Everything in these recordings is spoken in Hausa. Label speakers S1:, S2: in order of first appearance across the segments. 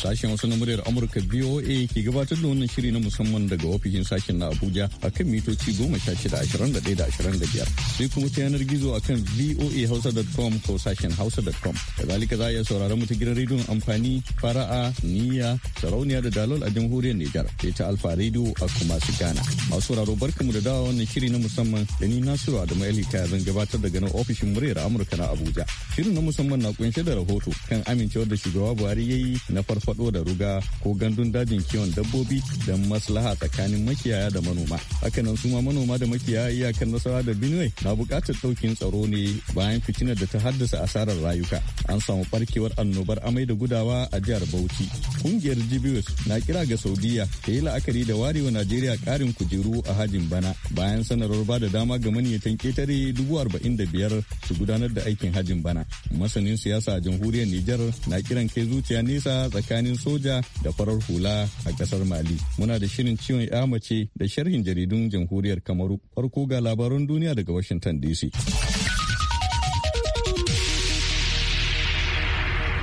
S1: Sashen wasu na muryar Amurka BOA ke gabatar da wannan shiri na musamman daga ofishin sashen na Abuja a kan mitoci goma sha shida ashirin da ɗaya da ashirin da biyar. Sai kuma ta yanar gizo a kan voahausa.com ko sashen hausa.com. Kazalika za a iya sauraron mu ta gidan rediyon amfani fara'a niyya sarauniya da dalol a jamhuriyar Nijar sai ta Alfa rediyo a kuma su Ghana. Masu sauraro mu da dawa wannan shiri na musamman da ni Nasiru Adamu elika ta zan gabatar daga nan ofishin muryar Amurka na Abuja. Shirin na musamman na kunshe da rahoto kan amincewar da shugaba Buhari ya yi na farfa farfado da ruga ko gandun dajin kiwon dabbobi don maslaha tsakanin makiyaya da manoma hakanan suma suma manoma da makiyaya iyakan nasara da benue na buƙatar daukin tsaro ne bayan fitinar da ta haddasa asarar rayuka an samu barkewar annobar amai da gudawa a jihar bauchi kungiyar jibius na kira ga saudiya ta yi la'akari da warewa najeriya ƙarin kujeru a hajin bana bayan sanarwar ba da dama ga maniyatan ketare dubu arba'in da biyar su gudanar da aikin hajin bana masanin siyasa a jamhuriyar nijar na kiran kai zuciya nesa tsakanin tsakanin soja da farar hula a kasar Mali. Muna da shirin ciwon ya mace da sharhin jaridun jamhuriyar Kamaru. Farko ga labaran duniya daga Washington DC.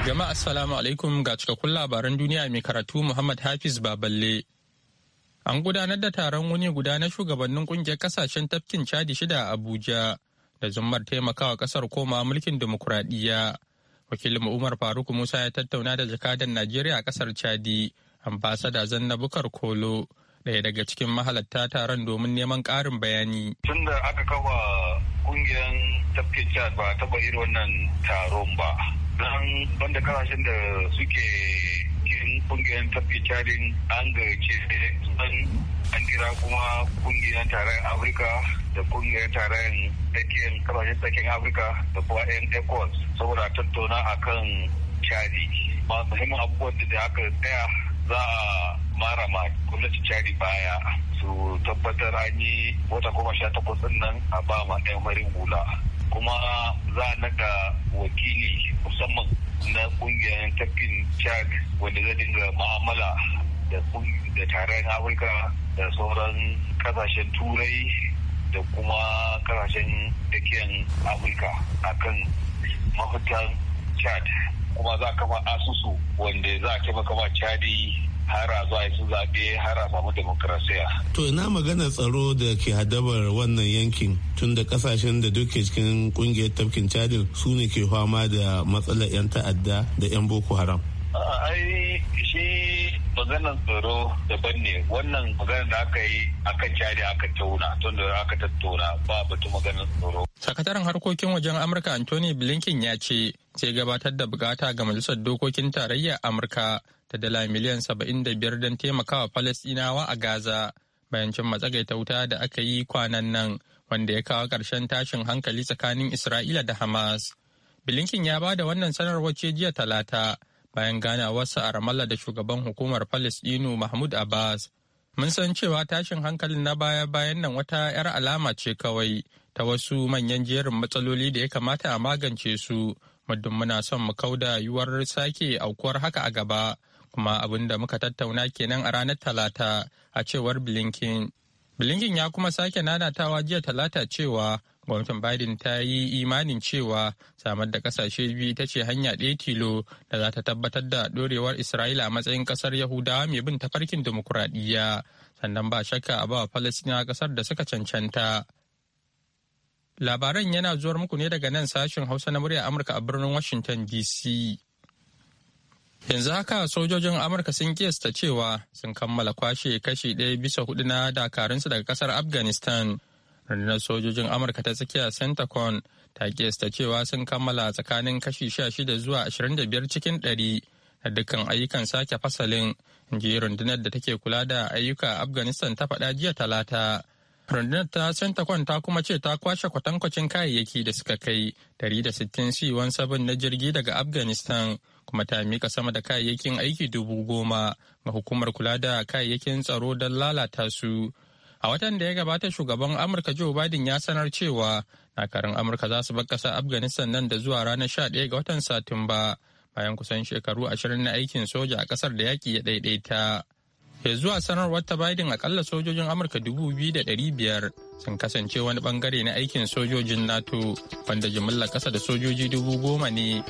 S2: Jama'a assalamu alaikum ga cikakkun labaran duniya mai karatu Muhammad Hafiz Baballe. An gudanar da taron wuni guda na shugabannin kungiyar kasashen tafkin Chadi shida a Abuja da zummar taimakawa kasar koma mulkin demokuraɗiyya. wakilin umar faruk musa ya tattauna da jakadan najeriya a kasar chadi ambasada zanna bukar kolo daya daga cikin mahalatta taron domin neman ƙarin bayani
S3: tun da aka kafa kungiyar tafke chad ba taba irin wannan taron ba don banda kasashen da suke kungiyar tafki cadin an gayyace an kira kuma kungiyar tarayyar afirka da kungiyar tarayyar tsakiyar kasashen tsakiyar afirka da kuma 'yan ecos saboda tattauna akan cadi masu muhimman abubuwan da aka tsaya za a mara ma gwamnati cadi baya su tabbatar an yi wata goma sha takwas nan a ba ma ɗan marin hula kuma za a naga wakili musamman na ƙungiyar tafkin chad wanda zai dinga ma'amala da tarayyar afirka da sauran kasashen turai da kuma kasashen dakiyan afirka kan mafitan chad kuma za a kafa asusu wanda za a taimaka ma chadi har a zuwa su zaɓe har a samu demokrasiya.
S4: To ina magana tsaro da ke hadabar wannan yankin tun da kasashen da duke cikin kungiyar tafkin cadin su ne ke fama da matsalar 'yan ta'adda da 'yan boko haram.
S3: Ai shi maganan tsaro daban ne wannan maganar da aka yi akan cari aka tauna tun da aka tattauna ba batu maganar tsaro.
S2: Sakataren harkokin wajen Amurka Anthony Blinken ya ce sai gabatar da bukata ga majalisar dokokin tarayya amurka ta dala miliyan saba'in da biyar don taimakawa falastinawa a gaza bayan cin matsagaita wuta da aka yi kwanan nan wanda ya kawo ƙarshen tashin hankali tsakanin isra'ila da hamas bilinkin ya ba da wannan sanarwar ce jiya talata bayan ganawarsa a ramallah da shugaban hukumar falastinu mahmud abbas mun san cewa tashin hankalin na baya-bayan nan wata 'yar alama ce kawai ta wasu manyan jerin matsaloli da ya kamata a magance su muddin muna son mu kauda yiwuwar sake aukuwar haka a gaba kuma abin da muka tattauna kenan a ranar talata a cewar blinken blinken ya kuma sake nanatawa jiya talata cewa gwamnatin biden ta yi imanin cewa samar da kasashe biyu ta ce hanya ɗaya tilo da za ta tabbatar da ɗorewar isra'ila a matsayin ƙasar yahudawa mai bin tafarkin dimokuraɗiyya sannan ba shakka a ba falasina ƙasar da suka cancanta Labaran yana zuwar muku ne daga nan sashen Hausa na murya Amurka a birnin Washington DC. Yanzu haka sojojin Amurka sun kiyasta cewa sun kammala kwashe kashi ɗaya bisa hudu na dakarunsu daga kasar Afghanistan. Rundunar sojojin Amurka ta tsakiya Centacon ta kiyasta cewa sun kammala tsakanin kashi sha shida zuwa ashirin da biyar cikin ɗari na dukkan ayyukan sake fasalin. Ji rundunar da take kula da ayyuka Afghanistan ta faɗa jiya talata. rundunar ta centacon ta kuma ce ta kwashe kwatankwacin kayayyaki da suka kai 160 c sabon na jirgi daga afghanistan kuma ta mika sama da kayayyakin aiki dubu goma ga hukumar kula da kayayyakin tsaro don lalata su a watan da ya gabata shugaban amurka joe biden ya sanar cewa nakarin amurka za su bar afghanistan nan da zuwa ranar 11 ga watan satumba bayan kusan shekaru ashirin na aikin soja a kasar da yaki ya daidaita. ya zuwa sanarwar ta Biden akalla sojojin Amurka dubu biyu da ɗari biyar sun kasance wani bangare na aikin sojojin NATO wanda jimilla ƙasa da sojoji dubu goma ne.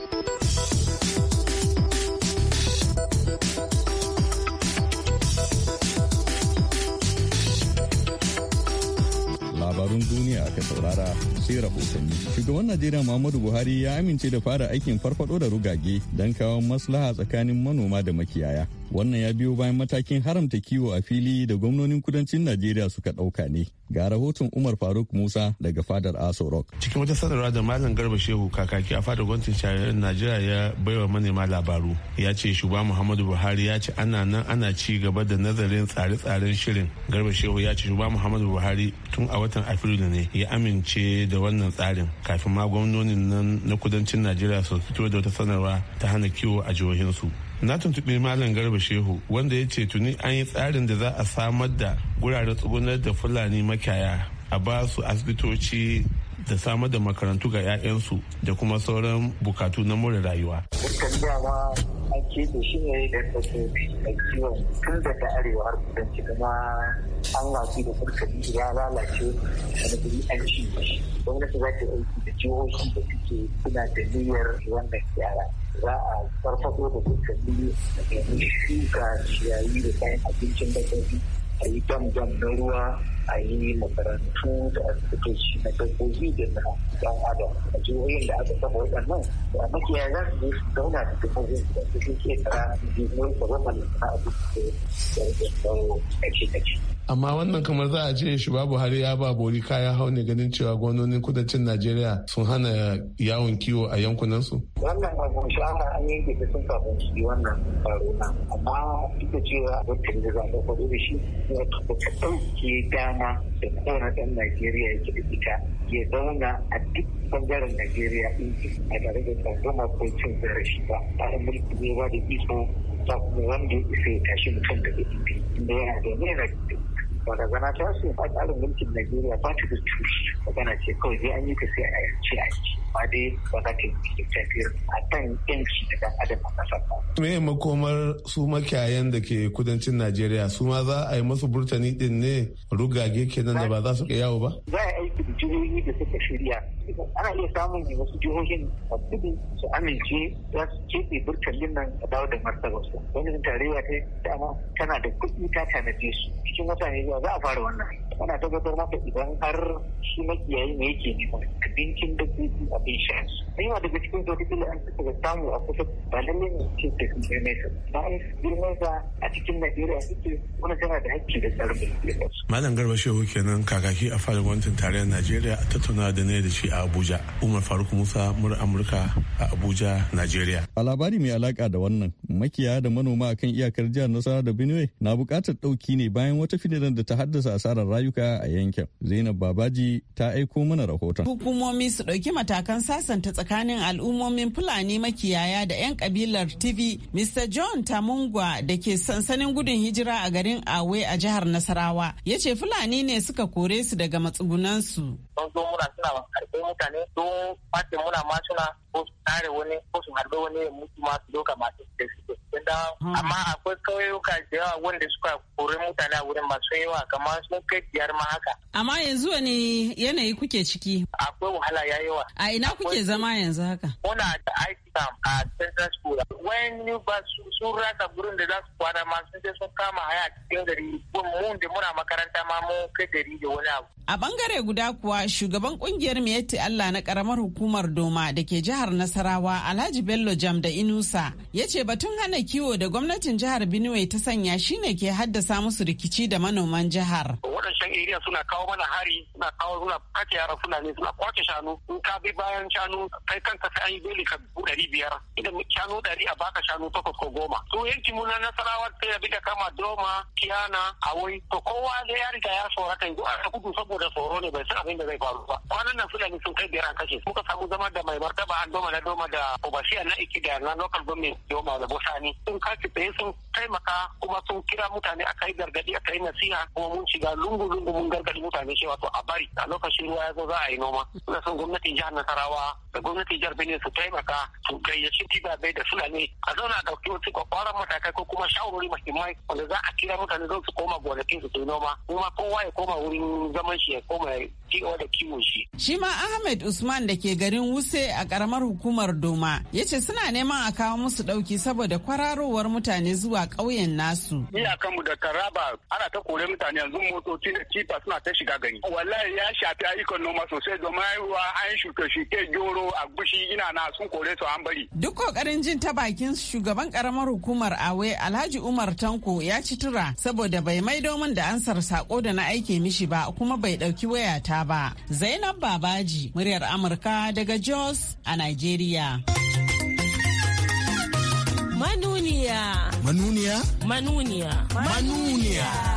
S1: Labarun duniya ka saurara sai rahotanni. Shugaban Najeriya Muhammadu Buhari ya amince da fara aikin farfado da rugage don kawo maslaha tsakanin manoma da makiyaya. Wannan ya biyo bayan matakin haramta kiwo a fili da gwamnonin kudancin Najeriya suka ɗauka ne. Ga rahoton Umar Faruk Musa daga fadar Aso Rock.
S4: Cikin wata sanarwa da Malam Garba Shehu kakaki a fadar gwamnatin shari'ar Najeriya ya baiwa manema labaru. Ya ce shugaban Muhammadu Buhari ya ce ana nan ana ci gaba da nazarin tsare-tsaren shirin. Garba Shehu ya ce shugaban Muhammadu Buhari tun a watan Afrilu ne ya amince da da wannan tsarin kafin ma gwamnonin nan na kudancin najeriya su fito da wata sanarwa ta hana kiwo a jihohinsu na tuntuɓi malam garba shehu wanda ya ce tuni an yi tsarin da za a samar da guraren tsugunar da fulani makiyaya a ba su asibitoci da samar da makarantu ga 'ya'yansu da kuma sauran bukatu na more rayuwa.
S5: ake da shi ne da dabbobi a kiwon tun daga arewa har kudanci kuma an watsi da kurkali ya lalace wani guri an ci shi gwamnati za ta aiki da jihohi da suke suna da niyyar wannan yara za a farfaɗo da kurkali da domin shuka ciyayi da kayan abincin dabbobi a yi dam dam na ruwa a yi makarantu da asibitoci na dabbobi da na dan adam a jihohin da aka saba waɗannan a makiyaya za su je su zauna da dabbobin da su ke ketara domin su rama da sana'a da su
S4: amma wannan kamar za a ce shi babu har ya ba bori kaya hau ne ganin cewa gwamnonin kudancin najeriya sun hana yawon kiwo a yankunan su
S5: wannan abu ana an yanke da sun kafin su wannan faro na amma duk da cewa wata da za a faɗo da shi ya da ke dama dama da kowane ɗan Najeriya yake da ita ya zauna a duk bangaren Najeriya ɗin a tare da tsangwama ko cin zarafi ba tare mulki ne ba da iso ba kuma wanda ya isa ya tashi mutum daga ibi da yana da nera barazana ta su a tsarin mulkin Najeriya ba ta da magana ce kawai zai an yi ta sai a yanci a yanci ba dai ba za ta yi tafiyar a kan yanci da dan adam a
S4: ƙasar ba. Me makomar su makiyayan da ke kudancin Najeriya su ma za a yi masu burtani din ne rugage kenan da ba za su yawo ba?
S5: Za a yi aikin jihohi da suka shirya ana iya samun wasu jihohin a kudu su amince za su keɓe burtalin nan a dawo da su wani tarewa ta dama tana da kuɗi ta tanaje su cikin wata ne za a fara wannan ana tabbatar maka idan har shi makiyayi ne yake nema abincin dabbobi abin sha su yawa daga cikin zotikila an suka samu a kusa ba lallai ne ce da sun ne su ba an
S4: girme sa a cikin najeriya suke wani tana da hakki da tsarin malam garba shehu kenan kakaki a fara wancan tarayyar najeriya a tattauna da ne da shi a abuja umar faruk musa mura amurka a abuja nigeria
S1: a labari mai alaka da wannan makiya da manoma kan iyakar jihar nasara da benue na bukatar dauki ne bayan wata fitinar da ta haddasa asarar rayuka a yankin zainab babaji ta aiko mana rahoton
S6: hukumomi su dauki matakan sasanta tsakanin al'ummomin fulani makiyaya da 'yan kabilar tv mr john tamungwa da ke sansanin gudun hijira a garin awe a jihar nasarawa ya ce fulani ne suka kore su daga matsugunansu
S5: sun zo muna suna mutane sun face muna masuna ko su tare wani ko su harbe wani ya mutu ma su doka masu da suke hmm. amma akwai kauyuka da yawa wanda suka kori mutane a wurin masu yawa kamar sun kai biyar ma haka
S6: amma yanzu wani yanayi kuke ciki akwai wahala ya yawa a ina kuke zama yanzu haka muna da aiki sam a uh, central school when new bus sun rasa gurin da za su kwana
S5: ma sun sun kama haya cikin gari mun da muna makaranta ma mun kai gari da wani abu
S6: a bangare guda kuwa shugaban kungiyar miyatti Allah na karamar hukumar Doma da ke jihar Nasarawa Alhaji Bello Jam da Inusa ya ce batun hana kiwo da gwamnatin jihar Benue ta sanya shine ke haddasa musu rikici da manoman jihar
S5: waɗancan area suna kawo mana hari suna kawo suna kace yara suna ne suna kwace shanu in ka bi bayan shanu kai kanka sai an yi dole ka buɗe biyar idan shanu ɗari a baka shanu takwas ko goma to yanki mu na nasarawa sai ya bi da kama doma kiyana awai to kowa da ya riga ya tsorata yanzu a gudu saboda tsoro ne bai san abin da zai faru ba kwanan nan fulani sun kai biyar an kashe muka samu zama da mai martaba an doma na doma da a na iki da na local government doma da bosani sun kashe tsaye sun taimaka kuma sun kira mutane a kai gargadi a kai nasiha kuma mun shiga lungu-lungu mun gargadi mutane cewa to a bari a lokacin ruwa ya zo za a yi noma suna son gwamnatin jihar nasarawa da gwamnatin jihar benin su taimaka su su gayyaci tibabe da fulani a zauna na ɗauki wasu kwakwaran matakai ko kuma shawarwari mahimmai wanda za a kira mutane don su koma gonakin su su noma kuma kowa ya koma wurin zaman shi ya koma cigaba da kiwon shi.
S6: Shi ma Ahmed Usman da ke garin Wuse a karamar hukumar Doma ya ce suna neman a kawo musu ɗauki saboda kwararowar mutane zuwa ƙauyen nasu.
S3: Iyakanmu da Taraba ana ta kore mutane yanzu motoci da kifa suna ta shiga gani. Wallahi ya shafi ayyukan noma sosai domin ruwa an shuke-shuke joro a gushi ina na sun
S5: kore su an bari.
S6: Duk kokarin jin ta bakin shugaban karamar hukumar Awe Alhaji Umar Tanko ya ci tura saboda bai maido min da ansar sako da na aike mishi ba kuma bai dauki wayata ba. Zainab Babaji muryar Amurka daga Jos a Nigeria. Manuniya. Manuniya?
S7: Manuniya. Manuniya. Manuniya.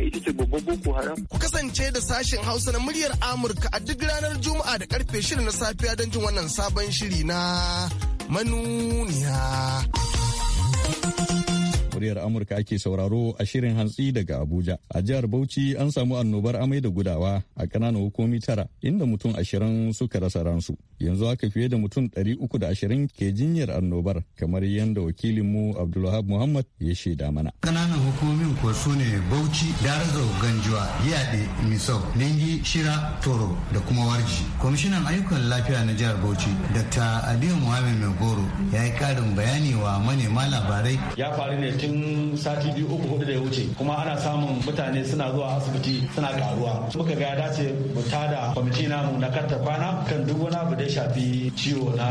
S3: ita ce babban boko haram. Ku
S8: kasance da sashen Hausa na muryar Amurka a duk ranar Juma'a da karfe shirin na safiya don jin wannan sabon shiri na manuniya.
S1: muryar Amurka ake sauraro a shirin hantsi daga Abuja. A jihar Bauchi an samu annobar amai da gudawa a kananan hukumi tara inda mutum ashirin suka rasa ransu. Yanzu haka fiye da mutum ɗari uku da ashirin ke jinyar annobar kamar yadda wakilinmu Abdulwahab Muhammad ya shaida mana. Ƙananan
S8: hukumomin ko su ne Bauchi, Darazo, Ganjuwa, Yaɗe, Misau, Lingi, Shira, Toro da kuma Warji. Kwamishinan ayyukan lafiya na jihar Bauchi, Dr. Adiyu Muhammad
S9: Mai Goro ya yi ƙarin bayani wa manema labarai. Ya faru ne tun cikin sati biyu uku hudu da ya wuce kuma ana samun mutane suna zuwa asibiti suna karuwa muka ga ya dace mu tada kwamiti namu na karta kwana kan duk wani abu da shafi ciwo na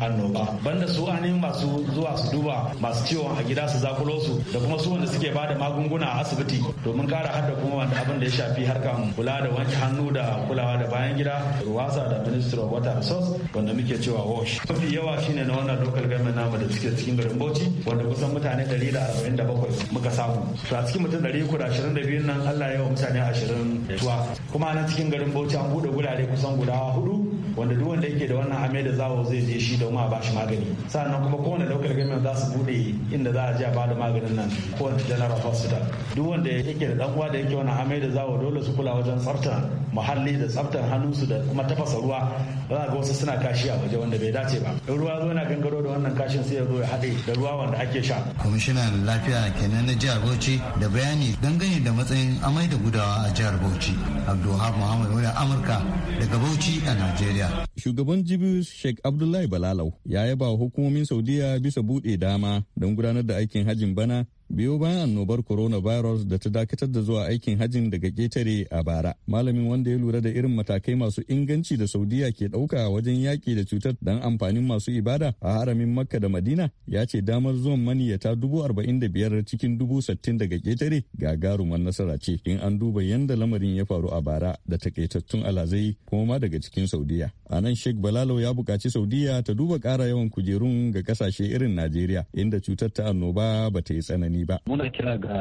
S9: annoba banda su ani masu zuwa su duba masu ciwon a gida su zakulo su da kuma su wanda suke bada magunguna a asibiti domin kara hada kuma wanda abin da ya shafi harkan kula da wanke hannu da kulawa da bayan gida ruwasa da ministry of water resource wanda muke cewa wash mafi yawa shine na wannan local government namu da suke cikin garin bauchi wanda kusan mutane 140 saba'in da bakwai muka samu a cikin mutum ɗari uku da ashirin nan allah ya wa mutane ashirin tuwa kuma nan cikin garin bauchi an buɗe gurare kusan guda hudu wanda duk wanda yake da wannan amai da zawo zai je shi domin a shi magani sannan kuma kowane local government za su bude inda za a je a bada maganin nan kowane general hospital duk wanda yake da dan uwa da yake wannan amai da zawo dole su kula wajen tsafta muhalli da tsaftar su da kuma tafasa ruwa za ga wasu suna kashi a waje wanda bai dace ba in ruwa zo na gangaro da wannan kashin sai ya zo ya haɗe da ruwa wanda ake sha
S8: kwamishinan lafiya kenan na jihar bauchi da bayani dangane da matsayin amai da gudawa a jihar bauchi abdulhab muhammad wani
S1: amurka daga bauchi a najeriya Saudiya. Shugaban Jibus Sheikh Abdullahi Balalau ya yaba hukumomin Saudiya bisa buɗe dama don gudanar da aikin hajin bana biyo bayan annobar coronavirus da ta dakatar da zuwa aikin hajjin daga ketare a bara malamin wanda ya lura da irin matakai masu inganci da saudiya ke ɗauka wajen yaki da cutar don amfanin masu ibada a haramin makka da madina ya ce damar zuwan maniyyata dubu arba'in da biyar cikin dubu sittin daga ketare gagarumar nasara ce in an duba yadda lamarin ya faru a bara da takaitattun alazai kuma ma daga cikin saudiya a nan sheikh balalo ya buƙaci saudiya ta duba ƙara yawan kujerun ga ƙasashe irin najeriya inda cutar ta annoba ba ta yi tsanani ba. Muna kira ga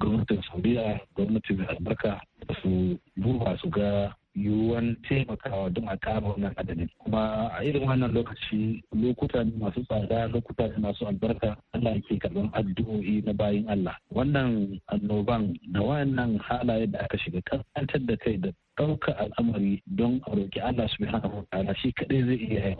S10: gwamnatin Saudiya, gwamnatin mai albarka da su duba su ga yiwuwan taimakawa don a kama wannan adadin kuma a irin wannan lokaci lokuta ne masu tsada lokuta ne masu albarka Allah ke karɓar addu'o'i na bayin Allah wannan annoban da wannan halaye da aka shiga kankantar da kai da ɗauka al'amari don a roƙi Allah subhanahu wa ta'ala shi kaɗai zai iya yi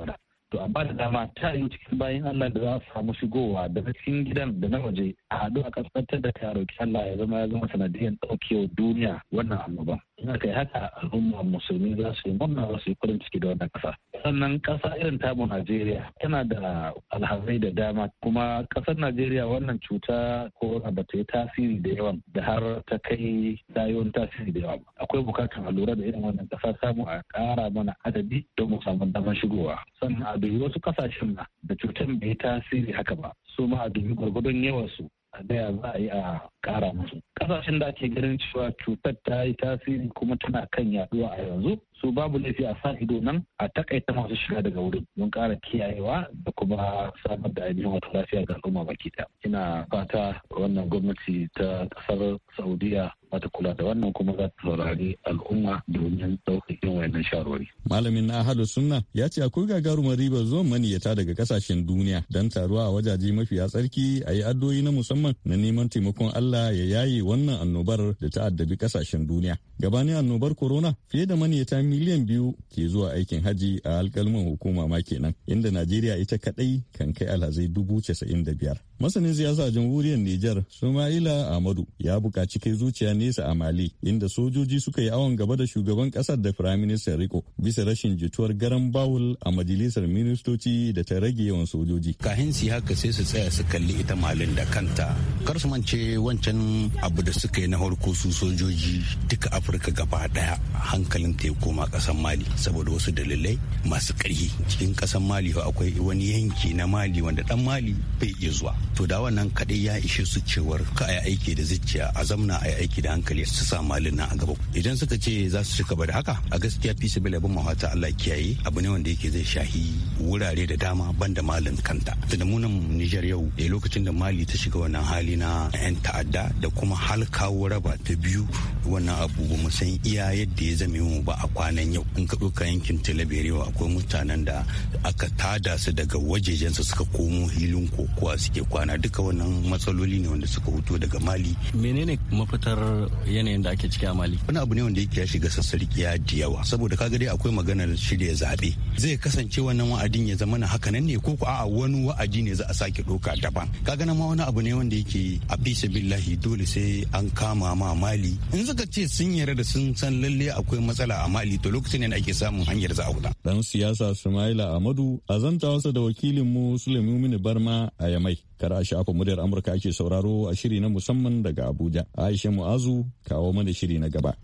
S10: to a bada dama ta yi cikin bayan Allah da za su samu shigowa daga cikin gidan da na waje a haɗu a kasantar da ta roƙi Allah ya zama ya zama sanadiyar ɗaukewar duniya wannan annoba. Ina kai haka al'umma musulmi za su yi murna za su yi kurin ciki da wannan ƙasa. sannan ƙasa irin tamu najeriya tana da alhazai da dama kuma ƙasar najeriya wannan cuta ko ba ta yi tasiri da yawan da har ta kai dayon tasiri da yawa akwai bukatar a lura da irin wannan ƙasa samu a ƙara mana adadi don mu samu damar shigowa sannan a dubi wasu ƙasashen na da cutar bai tasiri haka ba su ma a dubi gwargwadon su a gaya za a yi a kara musu kasashen da ake ganin cewa cutar ta yi tasiri kuma tana kan yaduwa a yanzu su babu laifi a sa ido nan a takaita masu shiga daga wurin don kara kiyayewa da kuma samar da ainihin wata lafiya ga al'umma baki ɗaya ina fata wannan gwamnati ta ƙasar saudiya wata kula da wannan kuma za ta saurari al'umma domin ɗaukar irin wayannan shawarwari.
S1: malamin na ahadu sunna ya ce akwai gagarumar ribar zuwan maniyyata daga kasashen duniya don taruwa a wajaje mafiya tsarki a yi addu'o'i na musamman na neman taimakon allah ya yaye wannan annobar da ta addabi kasashen duniya gabanin annobar corona fiye da maniyata miliyan biyu ke zuwa aikin haji a alkalmin hukuma ma kenan inda najeriya ita kadai kan kai alhazai dubu casa'in da biyar Masanin siyasa jamhuriyar Nijar Sumaila Ahmadu ya bukaci kai zuciya nesa a Mali inda sojoji suka yi awon gaba da shugaban ƙasar da firaministan Riko bisa rashin jituwar garan bawul a majalisar ministoci da ta rage yawan sojoji.
S8: Kahin si haka sai su tsaya su kalli ita Malin da kanta. Kar su mance wancan abu da suka yi na harko su sojoji duka Afirka gaba daya hankalin ta koma ƙasar Mali saboda wasu dalilai masu ƙarfi. Cikin ƙasar Mali akwai wani yanki na Mali wanda ɗan Mali bai iya zuwa. to da wannan kadai ya ishe su cewar ka a aiki da zuciya a zamna a aiki da hankali su sa malin nan a gaba idan suka ce za su ci gaba da haka a gaskiya fi sabila bin mahata Allah kiyaye abu ne wanda yake zai shahi wurare da dama banda malin kanta da munan Niger yau a eh, lokacin da Mali ta shiga wannan hali na yan ta'adda da kuma hal kawo raba ta biyu wannan abu ba mu san iya yadda ya zame mu ba a kwanan yau in ka ɗauka yankin Talaberewa akwai mutanen da aka tada su daga wajejensu suka komo hilin kokowa suke kwana kwana duka wannan matsaloli ne wanda suka hutu daga mali menene mafitar yanayin da ake ciki a mali wani abu ne wanda yake ya shiga sassarkiya da yawa saboda kaga dai akwai maganar shirya zaɓe zai kasance wannan wa'adin ya zama na haka nan ne ko a'a wani wa'adi ne za a sake ɗauka daban kaga na ma wani abu ne wanda yake a bisa billahi dole sai an kama ma mali in suka ce sun yarda da sun san lalle akwai matsala a mali to lokacin ne ake samun hanyar za a huta dan siyasa
S1: Sumaila Amadu a zanta wasa da wakilin mu Suleiman Barma a Yamai Kar a shafa muryar Amurka ake sauraro a shiri na musamman daga Abuja. Aisha Mu'azu kawo mana shiri na gaba.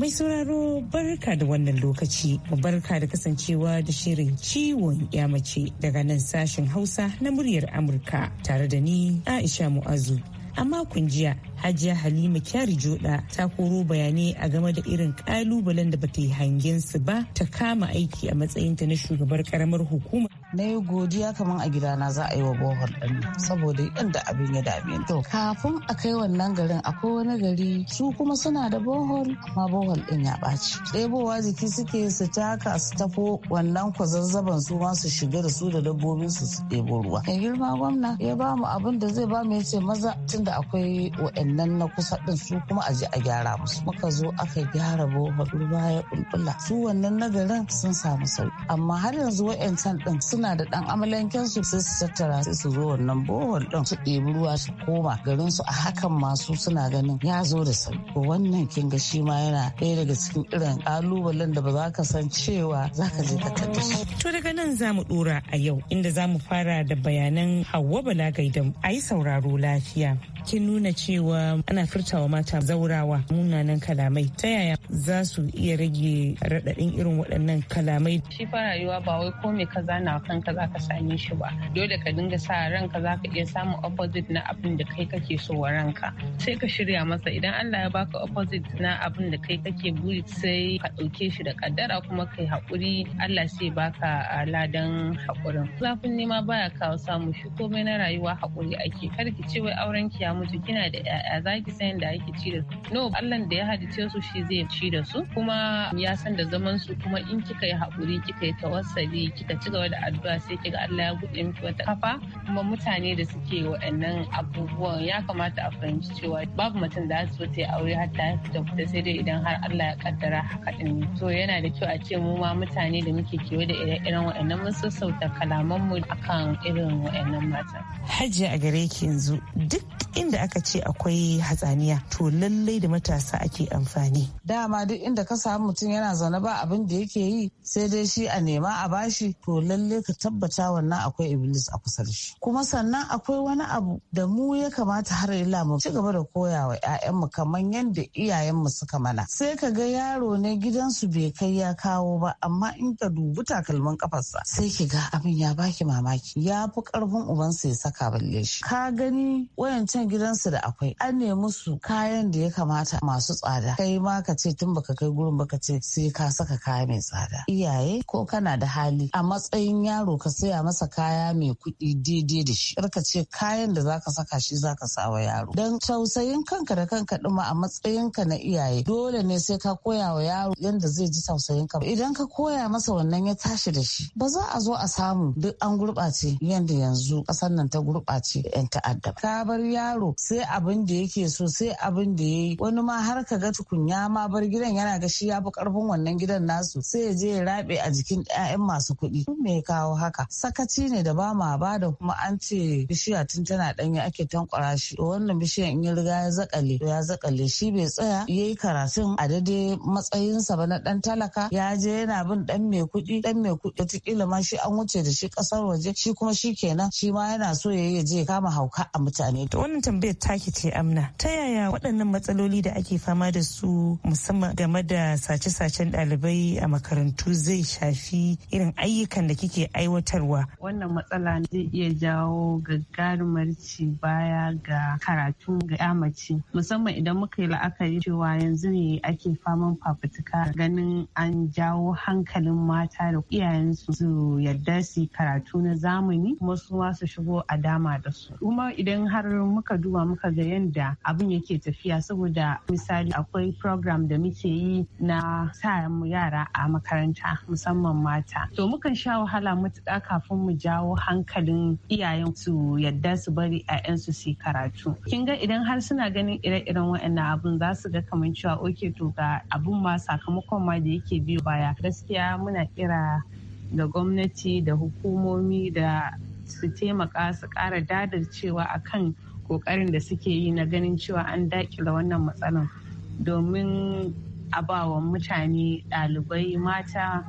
S11: Mai sauraro barka da wannan lokaci, barka da kasancewa da shirin ciwon mace daga nan sashen Hausa na muryar Amurka tare da ni Aisha Mu'azu. a makon jiya hajiya halima kyari joda ta koro bayanai a game da irin kalubalen da bata yi hangen su ba
S12: ta kama aiki a matsayinta na shugabar karamar hukuma. na yi godiya kamar a gidana za a yi wa bohol ɗin saboda yadda abin ya dame to kafin a kai wannan garin akwai wani gari su kuma suna da bohol amma bohol ɗin ya ɓaci ɗebowa jiki suke su taka su tafo wannan kwazazzaban su ma su shiga da su da dabbobin su su ɗebo ruwa mai girma gwamna ya ba mu abin da zai ba mu ya ce maza tunda akwai waɗannan na kusa ɗin su kuma a je a gyara musu muka zo aka gyara bohol ruwa ya ƙulƙula su wannan na garin sun samu sauki amma har yanzu wa'ancan ɗin sun suna da dan amalanken su sai su tattara sai su zo wannan bohol din su ɗebi ruwa su koma garin su a hakan masu suna ganin ya zo da sauki wannan kin ga shi ma yana ɗaya daga cikin irin kalubalen da ba za ka san cewa za ka je ka tattara
S11: shi to daga nan za mu dora a yau inda za mu fara da bayanan Hauwa Bala Gaidam a yi sauraro lafiya kin nuna cewa ana furtawa mata zaurawa munanan kalamai ta yaya za su iya rage raɗaɗin irin waɗannan kalamai
S13: shi fa rayuwa ba wai ko me kaza na kanka za ka same shi ba dole ka dinga sa ranka za ka iya samun opposite na abin da kai kake so wa ranka sai ka shirya masa idan Allah ya baka opposite na abin da kai kake buri sai ka ɗauke shi da kaddara kuma kai haƙuri Allah sai baka ladan haƙurin zafin nema baya kawo samu shi komai na rayuwa haƙuri ake kar ki ce wai auren ki musu kina da ƴaƴa zaki san da ake ci da su no Allah da ya halice su shi zai ci da su kuma ya san da zaman su kuma in kika yi haƙuri kika yi tawassali kika ci gaba da addu'a sai kiga Allah ya buɗe miki wata kafa kuma mutane da suke waɗannan abubuwan ya kamata a fahimci cewa babu mutum da so ta yi aure har ta fita fita sai dai idan har Allah ya kaddara haka din to yana da kyau a ce mu ma mutane da muke kewa da ire-iren waɗannan mun sassauta kalaman mu akan irin waɗannan
S12: mata
S11: Hajji a gare ki yanzu duk inda aka ce akwai hatsaniya to lallai da matasa ake amfani.
S12: Dama duk inda ka samu mutum yana zaune ba abin da yake yi sai dai shi a nema a bashi to lallai ka tabbata wannan akwai iblis a kusa da shi. Kuma sannan akwai wani abu da mu ya kamata har ila mu ci gaba da koya wa 'ya'yanmu kamar yadda iyayenmu suka mana. Sai ka ga yaro ne gidansu bai kai ya kawo ba amma in ka dubi takalmin kafarsa sai ki ga abin ya baki mamaki ya fi karfin ubansa ya saka balle shi. Ka gani wayancan gidansu da akwai an nemi su kayan da ya kamata masu tsada kai ma ka ce tun baka kai gurin baka ce sai ka saka kaya mai tsada iyaye ko kana da hali a matsayin yaro ka saya masa kaya mai kuɗi daidai da shi ka ce kayan da zaka saka shi zaka wa yaro dan tausayin kanka da kanka ɗuma a matsayin ka na iyaye dole ne sai ka koya wa yaro yanda zai ji tausayin ka idan ka koya masa wannan ya tashi da shi ba za a zo a samu duk an gurɓace yanda yanzu ƙasar nan ta gurɓace 'yan ta'adda ka bar yaro yaro sai abin da yake so sai abin da ya yi. wani ma har ka ga tukunya ma bar gidan yana ga shi ya fi karfin wannan gidan nasu sai ya je ya rabe a jikin 'ya'yan masu kuɗi me kawo haka sakaci ne da ba ma ba da kuma an ce bishiya tun tana ɗanye ake tankwara shi wannan bishiyar in ya riga ya zakale ya zakale shi bai tsaya yayi karatun a daidai matsayinsa ba na ɗan talaka ya je yana bin ɗan mai kuɗi dan mai kuɗi wataƙila ma shi an wuce da shi ƙasar waje shi kuma shi kenan shi ma yana so ya yi je ya kama hauka a mutane. tambayar take ce amna
S11: ta yaya waɗannan matsaloli da ake fama da su musamman game da sace-sacen ɗalibai a makarantu zai shafi irin ayyukan da kike aiwatarwa
S13: wannan matsala zai iya jawo gagarumar ci baya ga karatu ga ya mace musamman idan muka yi la'akari cewa yanzu ne ake faman fafutuka ganin an jawo hankalin mata da iyayensu su yarda su karatu na zamani kuma su ma su shigo a dama da su kuma idan har muka duba muka ga yadda abin yake tafiya saboda misali akwai program da muke yi na sa mu yara a makaranta musamman mata to mukan sha wahala matuka kafin mu jawo hankalin iyayen su yadda su bari 'ya'yansu su yi karatu kin ga idan har suna ganin ire-iren waɗannan abun za su ga kamar cewa oke to ga abun ma sakamakon ma da yake biyo baya gaskiya muna kira da gwamnati da hukumomi da su taimaka su ƙara dadarcewa akan kokarin da suke yi na ganin cewa an dakila wannan matsalar domin a bawa mutane ɗalibai mata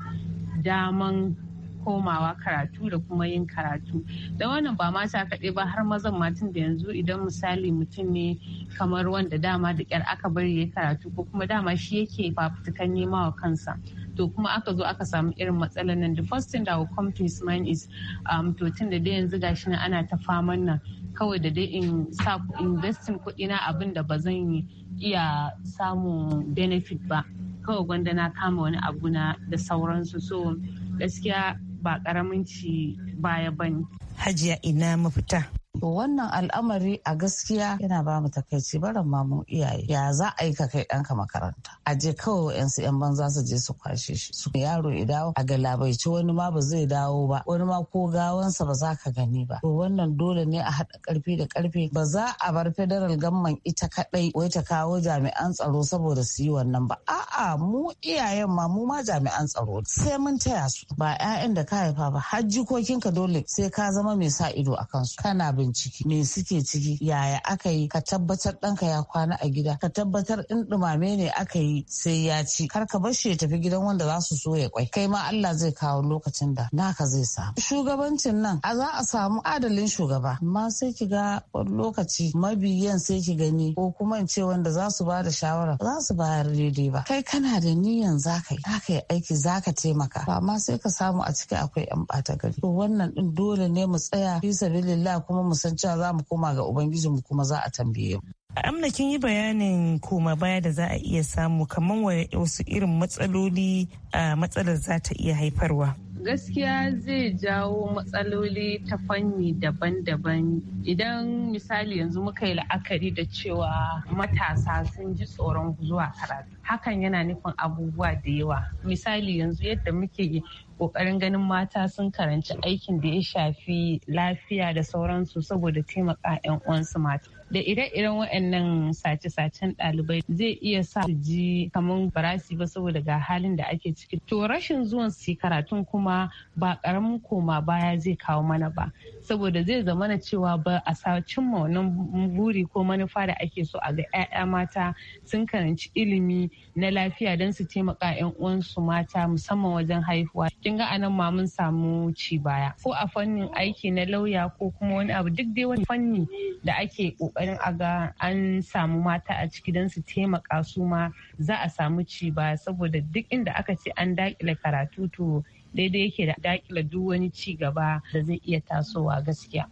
S13: daman komawa karatu da kuma yin karatu da wannan ba mata kaɗai ba har mazan matan da yanzu idan misali mutum ne kamar wanda dama da ƙyar aka bari ya karatu ko kuma dama shi yake fafutukan nema wa kansa to kuma aka zo aka samu irin matsalar nan the first thing that will come to his mind is um, to tun da dai yanzu gashi nan ana ta faman nan kawai da dai in sa investin na abin da ba zan iya samun benefit ba kawai gwanda na kama wani abu na da sauransu so gaskiya ba karamin ci baya bane
S12: hajiya ina mafita To wannan al'amari a gaskiya yana ba mu takaici barin ma mu iyaye. Ya za a yi ka kai ɗanka makaranta. A je kawai yan yan banza su je su kwashe shi. Su yaro ya dawo a galabaici wani ma ba zai dawo ba. Wani ma ko gawansa ba za ka gani ba. To wannan dole ne a haɗa ƙarfi da ƙarfe. Ba za a bar federal gamman ita kaɗai wai ta kawo jami'an tsaro saboda su yi wannan ba. A'a mu iyayen ma mu ma jami'an tsaro sai mun taya su. Ba 'ya'yan da ka haifa ba har jikokinka dole sai ka zama mai sa ido a kansu. Kana ciki me suke ciki yaya aka yi ka tabbatar ɗanka ya kwana a gida ka tabbatar in ɗumame ne aka yi sai ya ci kar ka bar shi ya tafi gidan wanda za su so ya kwai kai ma Allah zai kawo lokacin da naka zai samu shugabancin nan a za a samu adalin shugaba amma sai ki ga lokaci mabiyan sai ki gani ko kuma in ce wanda za su ba da shawara za su bayar daidai ba kai kana da niyan ka yi zaka yi aiki ka taimaka ba ma sai ka samu a ciki akwai yan ɓata gari to wannan din dole ne mu tsaya fi sabilillah kuma mu mu san cewa za mu koma ga ubangiji mu kuma za a tambaye mu
S11: amna kin yi bayanin koma baya da za a iya samu kamar wasu irin matsaloli a matsalar za ta iya haifarwa
S13: gaskiya zai jawo matsaloli ta fanni daban-daban idan misali yanzu muka yi la'akari da cewa matasa sun ji tsoron zuwa karatu hakan yana nufin abubuwa da yawa misali yanzu yadda muke kokarin ganin mata sun karanci aikin da ya shafi lafiya da sauransu saboda taimaka 'yan uwansu mata da ire-iren waɗannan sace-sacen ɗalibai zai iya sa su ji kamar barasi ba saboda ga halin da ake ciki to rashin zuwan su karatun kuma ba karamin koma baya zai kawo mana ba saboda zai zama na cewa ba a sa cimma wannan buri ko manufa da ake so a ga 'ya'ya mata sun karanci ilimi na lafiya don su taimaka 'yan uwansu mata musamman wajen haihuwa kin ga anan ma mun samu ci baya ko a fannin aiki na lauya ko kuma wani abu duk dai wani fanni da ake kokarin kokarin a ga an samu mata a ciki don su taimaka su ma za a samu ci ba saboda duk inda aka ce an dakile karatu to daidai yake da dakile duk wani ci gaba da zai iya tasowa gaskiya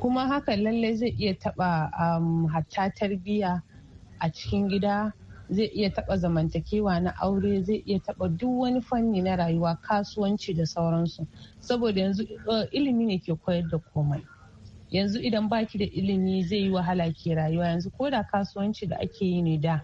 S13: kuma haka lallai zai iya taba um, hatta tarbiyya a cikin gida zai iya taɓa zamantakewa na aure zai iya taɓa duk wani fanni na rayuwa kasuwanci da sauransu saboda yanzu uh, ilimi ne ke koyar da komai yanzu idan baki da ilimi zai yi wahala ke rayuwa yanzu ko da kasuwanci da ake yi ne da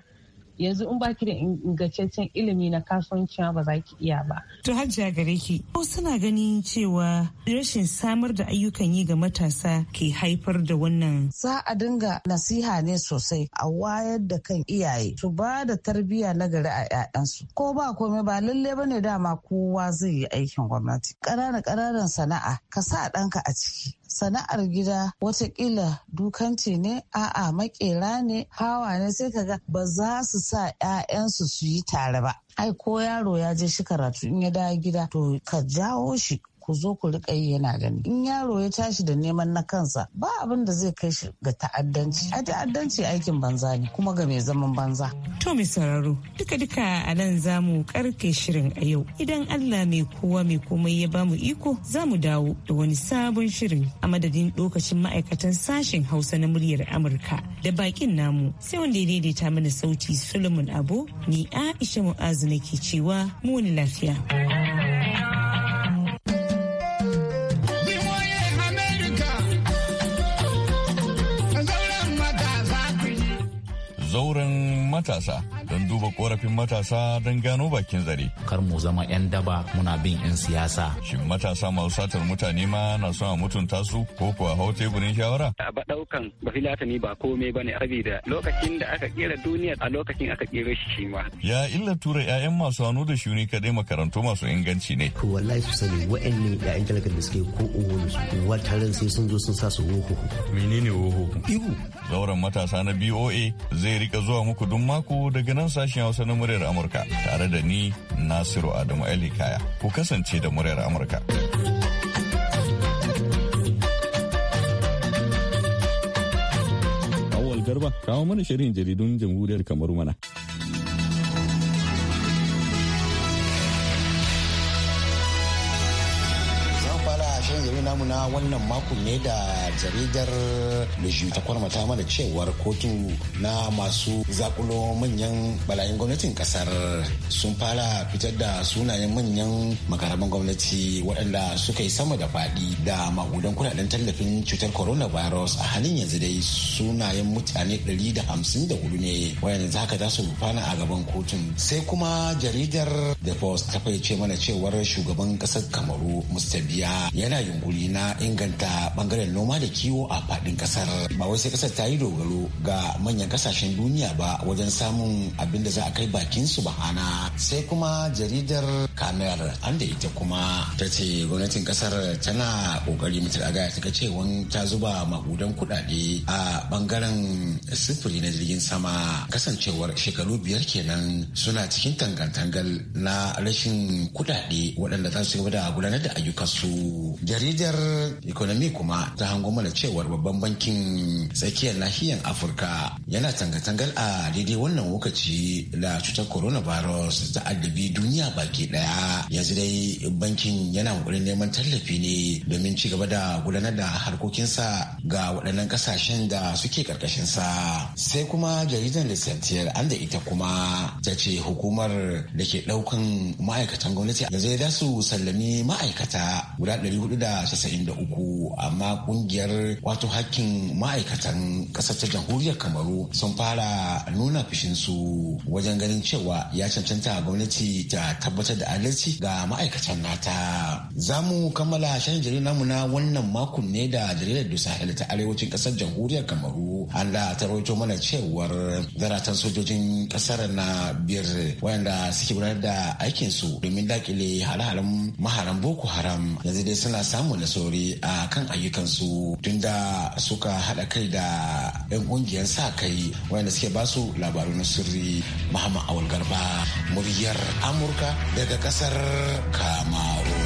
S13: yanzu in baki da ingantaccen ilimi na kasuwanci ba za ki iya ba. To hajjiya
S11: gare ki, ko suna ganin cewa rashin samar da ayyukan yi ga matasa ke haifar da wannan.
S12: Za a dinga nasiha ne sosai a wayar da kan iyaye su ba da tarbiyya na gari a 'ya'yansu. Ko ba komai ba lalle ba ne dama kowa zai yi aikin gwamnati. Ƙananan ƙananan sana'a ka sa ɗanka a ciki. sana'ar gida watakila dukanci ne a'a makera ne hawa ne sai kaga ba za su sa 'ya'yansu su yi tare ba ai ko yaro ya je shi karatu in ya dawo gida to ka jawo shi ku zo ku riƙa yi yana gani in yaro ya tashi da neman na kansa ba abin da zai kai shi ga ta'addanci a ta'addanci aikin banza ne kuma ga mai zaman banza to mai sauraro duka duka a nan za mu
S11: karke shirin a
S12: yau idan allah
S11: mai kowa mai komai ya bamu iko za mu dawo da wani sabon shirin a madadin lokacin ma'aikatan sashen hausa na muryar amurka da bakin namu sai wanda ya daidaita mana sauti solomon abu ni aisha mu'azu nake cewa mu wani lafiya
S1: zauren matasa don duba korafin matasa don gano bakin zare. Kar mu zama 'yan daba muna bin 'yan siyasa. Shin matasa masu satar mutane ma na son a mutunta su ko kuwa hau teburin
S10: shawara? A ba ɗaukan ba ba komai ba ne da lokacin da aka kera duniya a lokacin aka kera shi shi ma.
S1: Ya illa tura 'ya'yan masu hannu da shuni kadai makarantu masu inganci ne. Ko wallahi su sani wa'annan 'ya'yan talakar da suke ko uwan su wataran sai sun zo sun sa su wuhu. Menene wuhu? Ihu. Zauren matasa na BOA zai rika zuwa muku duk mako daga nan sashen Hausa na muryar Amurka tare da ni Nasiru Adamu elikaya Ku kasance da muryar Amurka. Awal Garba, kawo mana shirin jaridun jamhuriyar kamar
S7: mana. namu na wannan makon ne da jaridar Leju ta kwarmata mana cewar kotu na masu zakulo manyan bala'in gwamnatin kasar sun fara fitar da sunayen manyan makaraban gwamnati waɗanda suka yi sama da faɗi da magudan kudaden tallafin cutar coronavirus a halin yanzu dai sunayen mutane 154 ne za haka za su rufana a gaban kotun sai kuma jaridar the post ta fahimce mana cewar shugaban ƙasar kamaru mustabiya yana yunkuri na inganta bangaren noma da kiwo a faɗin ƙasar. Ba wai sai ƙasar ta yi dogaro ga manyan ƙasashen duniya ba wajen samun abin da za a kai bakin su ba hana Sai kuma jaridar kamar an da ita kuma ta ce gwamnatin ƙasar tana ƙoƙari mutum gaya ta cewa ta zuba maƙudan kudade. a bangaren sufuri na jirgin sama kasancewar shekaru biyar kenan suna cikin tangantangal na rashin kudade, waɗanda za su gaba da gudanar da ayyukansu. Jaridar economy kuma ta hango mana cewar babban bankin tsakiyar nahiyar afirka yana tanga tangatangal a daidai wannan lokaci da cutar coronavirus ta addabi duniya baki daya yanzu dai bankin yana kokarin neman tallafi ne domin ci gaba da gudanar da harkokinsa ga waɗannan kasashen da suke sa sai kuma jaridar lissantiyar an da ita kuma ta ce hukumar da ke ɗaukan ma'aikatan gwamnati yanzu ya su sallami ma'aikata guda 93 amma kungiyar wato hakkin ma'aikatan ƙasar ta jamhuriyar kamaru sun fara nuna su wajen ganin cewa ya cancanta gwamnati ta tabbatar da adalci ga ma'aikatan nata za mu kammala shan jirin namu na wannan makon ne da jaridar dusahel ta arewacin ƙasar jamhuriyar kamaru an da ta rawaito mana cewar zaratan sojojin ƙasar na biyar wayanda suke gudanar da aikinsu domin dakile hare-haren maharan boko haram yanzu dai suna samun sore a kan ayyukansu tunda suka haɗa kai da 'yan ƙungiyar sa kai wanda suke basu labaru na sirri muhammad awal garba muryar amurka daga ƙasar kamaru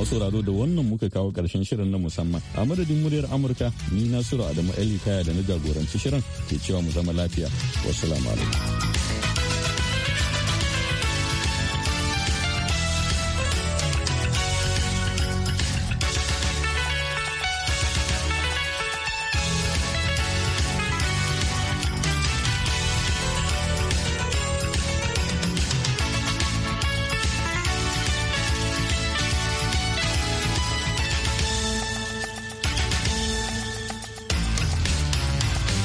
S7: a sauraro da wannan
S1: muka kawo karshen shirin na musamman a madadin muryar amurka ni nasiru adamu elikaya kaya da na jagoranci shirin ke cewa mu zama lafiya wasu alaikum